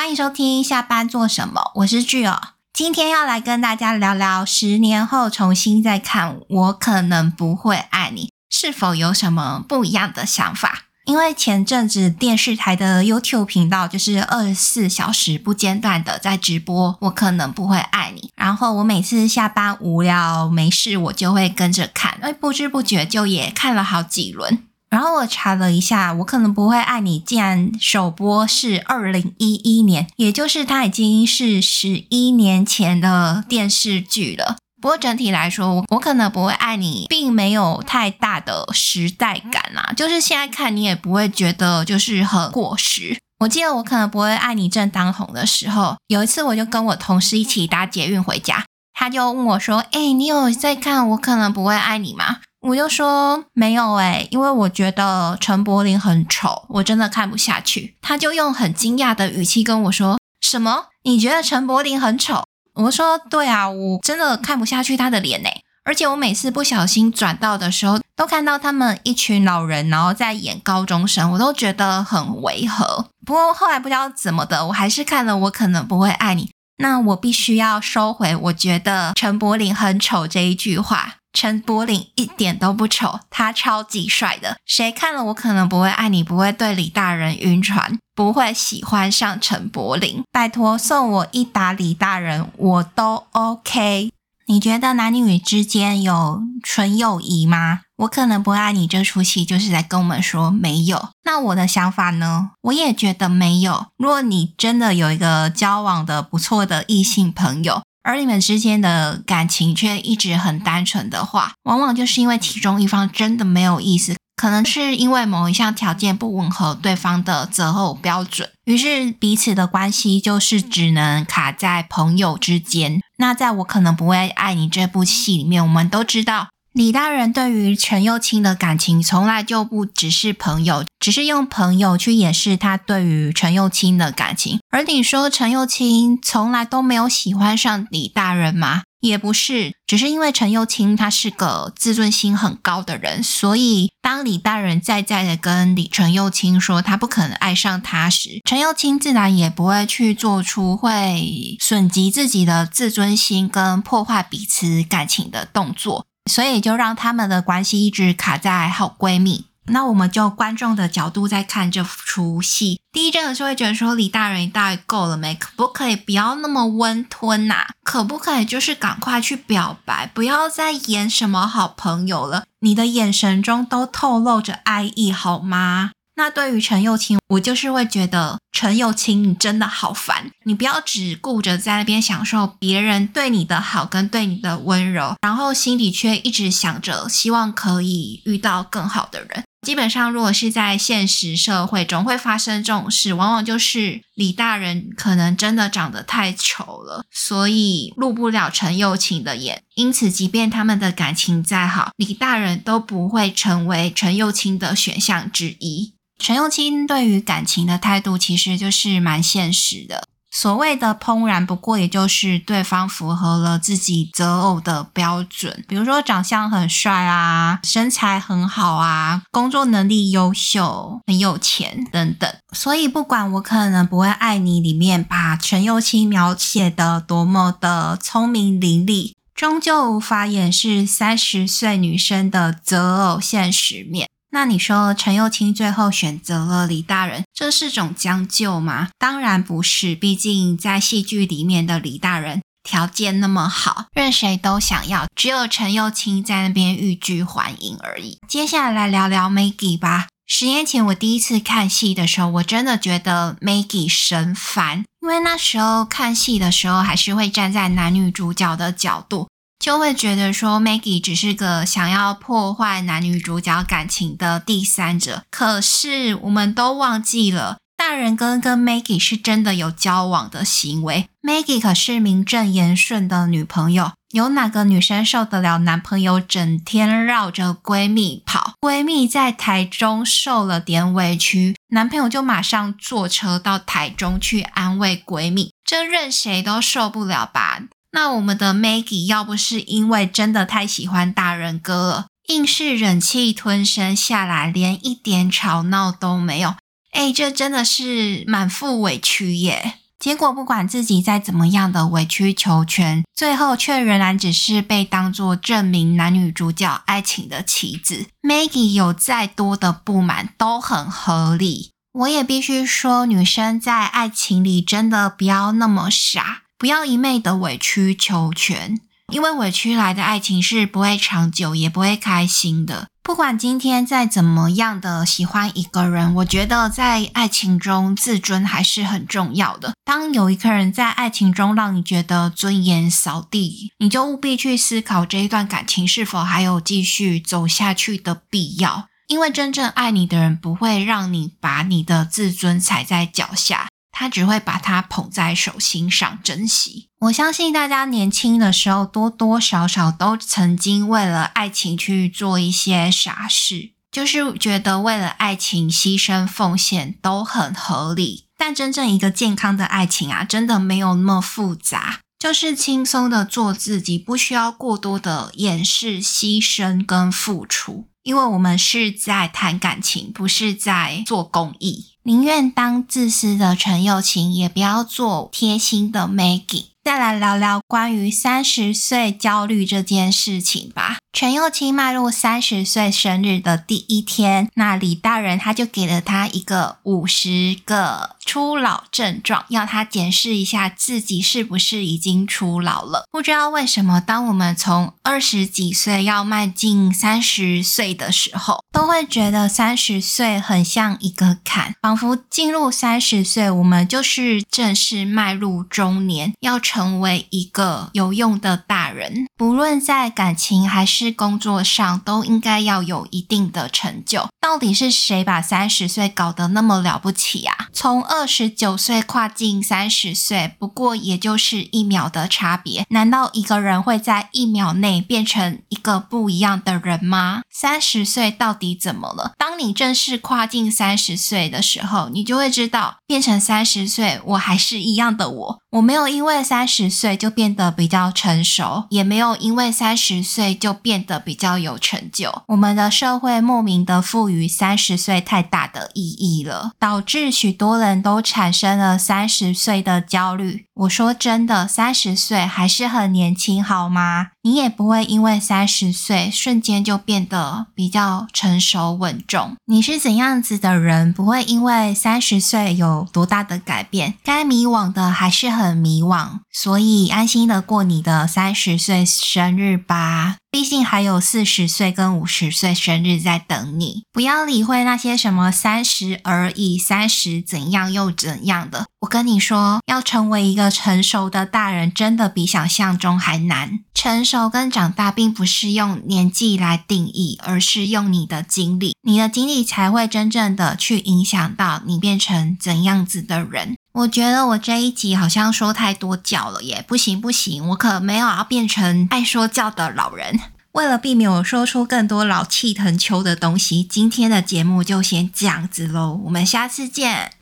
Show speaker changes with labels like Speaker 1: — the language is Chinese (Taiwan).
Speaker 1: 歡迎收聽下班做什麼？我是巨兒，今天要來跟大家聊聊十年後重新再看《我可能不會愛你》是否有什麼不一樣的想法？因為前陣子電視台的 YouTube 頻道，就是二十四小時不間斷的在直播《我可能不會愛你》，然後我每次下班無聊沒事，我就會跟着看，因為不知不覺就也看了好幾輪。然後我查了一下，我可能不會愛你竟然首播是二零一一年，也就是它已經是十一年前的電視劇了。不過整體來說，我我可能不會愛你，並沒有太大的時代感啦、啊。就是現在看，你也不會覺得就是很過時。我記得我可能不會愛你正當紅的時候，有一次我就跟我同事一起搭捷運回家，他就問我說：“哎、欸，你有在看我可能不會愛你嗎?”我就說沒有誒、欸，因為我覺得陳柏霖很醜，我真的看不下去。他就用很驚訝的語氣跟我說：“什麼？你覺得陳柏霖很醜？”我說：“對啊，我真的看不下去他的臉哎、欸。”而且我每次不小心轉到的時候，都看到他們一群老人，然後在演高中生，我都覺得很違和。不過後來不知道怎麼的，我還是看了《我可能不會愛你》。那我必須要收回，我覺得陳柏霖很醜這一句話。陳柏霖一點都不醜，他超級帥的。誰看了我可能不會愛你，不會對李大仁暈船，不會喜歡上陳柏霖。拜託，送我一打李大仁，我都 OK。你覺得男女之間有純友誼嗎？我可能不愛你這出戲，就是在跟我們說沒有。那我的想法呢？我也覺得沒有。如果你真的有一個交往得不錯的異性朋友，而你們之間的感情卻一直很單純的話，往往就是因為其中一方真的沒有意思，可能是因為某一項條件不吻合對方的擇偶標準，於是彼此的關係就是只能卡在朋友之間。那在我可能不會愛你這部戲裡面，我們都知道。李大仁對於陳又青的感情從來就不只是朋友，只是用朋友去掩飾他對於陳又青的感情。而你說陳又青從來都沒有喜歡上李大仁嗎？也不是，只是因為陳又青他是個自尊心很高的人，所以當李大仁再再的跟李陳又青說他不可能愛上他時，陳又青自然也不會去做出會損及自己的自尊心跟破壞彼此感情的動作。所以就讓他們的關係一直卡在好閨蜜。那我們就觀眾的角度再看這出戲。第一陣的時候會覺得說，李大仁，你大概夠了沒？可不可以不要那麼溫吞吶、啊？可不可以就是趕快去表白？不要再演什麼好朋友了。你的眼神中都透露着愛意，好嗎？那對於程又青，我就是會覺得程又青，你真的好煩！你不要只顧着在那邊享受別人對你的好跟對你的溫柔，然後心底卻一直想着希望可以遇到更好的人。基本上，如果是在現實社會中總會發生這種事，往往就是李大仁可能真的長得太醜了，所以入不了程又青的眼。因此，即便他們的感情再好，李大仁都不會成為程又青的選項之一。程又青對於感情的態度，其實就是蠻現實的。所謂的怦然，不過也就是對方符合了自己擇偶的標準，比如說長相很帥啊，身材很好啊，工作能力優秀，很有錢等等。所以，不管我可能不會愛你裡面，把程又青描寫得多麼的聰明伶俐，終究無法掩飾三十歲女生的擇偶現實面。那你說程又青最後選擇了李大仁，這是種將就嗎？當然不是，畢竟在戲劇裡面的李大仁條件那麼好，任誰都想要，只有程又青在那邊欲拒還迎而已。接下來來聊聊 Maggie 吧。十年前我第一次看戲的時候，我真的覺得 Maggie 神煩，因為那時候看戲的時候還是會站在男女主角的角度。就會覺得說 Maggie 只是個想要破壞男女主角感情的第三者，可是我們都忘記了，大仁哥跟 Maggie 是真的有交往的行為，Maggie 可是名正言順的女朋友，有哪個女生受得了男朋友整天繞着閨蜜跑？閨蜜在台中受了點委屈，男朋友就馬上坐車到台中去安慰閨蜜，這任誰都受不了吧？那我們的 Maggie 要不是因為真的太喜歡大仁哥了，硬是忍氣吞聲下來，連一點吵鬧都沒有。哎、欸，這真的是滿腹委屈耶！結果不管自己再怎麼樣的委曲求全，最後卻仍然只是被當作證明男女主角愛情的棋子。Maggie 有再多的不滿都很合理，我也必須說，女生在愛情裡真的不要那麼傻。不要一昧的委曲求全，因為委屈來的愛情是不會長久，也不會開心的。不管今天再怎麼樣的喜歡一個人，我覺得在愛情中自尊還是很重要的。當有一個人在愛情中讓你覺得尊嚴掃地，你就務必去思考這一段感情是否還有繼續走下去的必要。因為真正愛你的人不會讓你把你的自尊踩在腳下。他只會把它捧在手心上珍惜。我相信大家年輕的時候多多少少都曾經為了愛情去做一些傻事，就是覺得為了愛情犧牲奉獻都很合理。但真正一個健康的愛情啊，真的沒有那麼複雜，就是輕鬆的做自己，不需要過多的掩飾、犧牲跟付出，因為我們是在談感情，不是在做公益。寧願當自私的程又青，也不要做貼心的 Maggie。再來聊聊關於三十歲焦慮這件事情吧。程又青邁入三十歲生日的第一天，那李大仁他就給了他一個五十個初老症狀，要他檢視一下自己是不是已經初老了。不知道為什麼，當我們從二十幾歲要邁進三十歲的時候，都會覺得三十歲很像一個坎，仿佛進入三十歲，我們就是正式邁入中年，要成為一個有用的大人，不論在感情還是。是工作上都應該要有一定的成就。到底是誰把三十歲搞得那麼了不起啊？從二十九歲跨進三十歲，不過也就是一秒的差別。難道一個人會在一秒內變成一個不一樣的人嗎？三十歲到底怎麼了？當你正式跨進三十歲的時候，你就會知道，變成三十歲，我還是一樣的我。我沒有因為三十歲就變得比較成熟，也沒有因為三十歲就變得比較有成就。我們的社會莫名的賦於三十歲太大的意義了，導致許多人都產生了三十歲的焦慮。我說真的，三十歲還是很年輕，好嗎？你也不會因為三十歲瞬間就變得比較成熟穩重。你是怎樣子的人，不會因為三十歲有多大的改變。該迷惘的還是很迷惘，所以安心的過你的三十歲生日吧。畢竟還有四十歲跟五十歲生日在等你。不要理會那些什麼三十而已，三十怎樣又怎樣的。我跟你說，要成為一個成熟的大人，真的比想象中還難。成熟跟長大，並不是用年紀來定義，而是用你的經歷，你的經歷才會真正的去影響到你變成怎樣子的人。我覺得我這一集好像說太多教了，耶，不行不行，我可沒有要變成愛說教的老人。為了避免我說出更多老氣橫秋的東西，今天的節目就先這樣子嘍，我們下次見。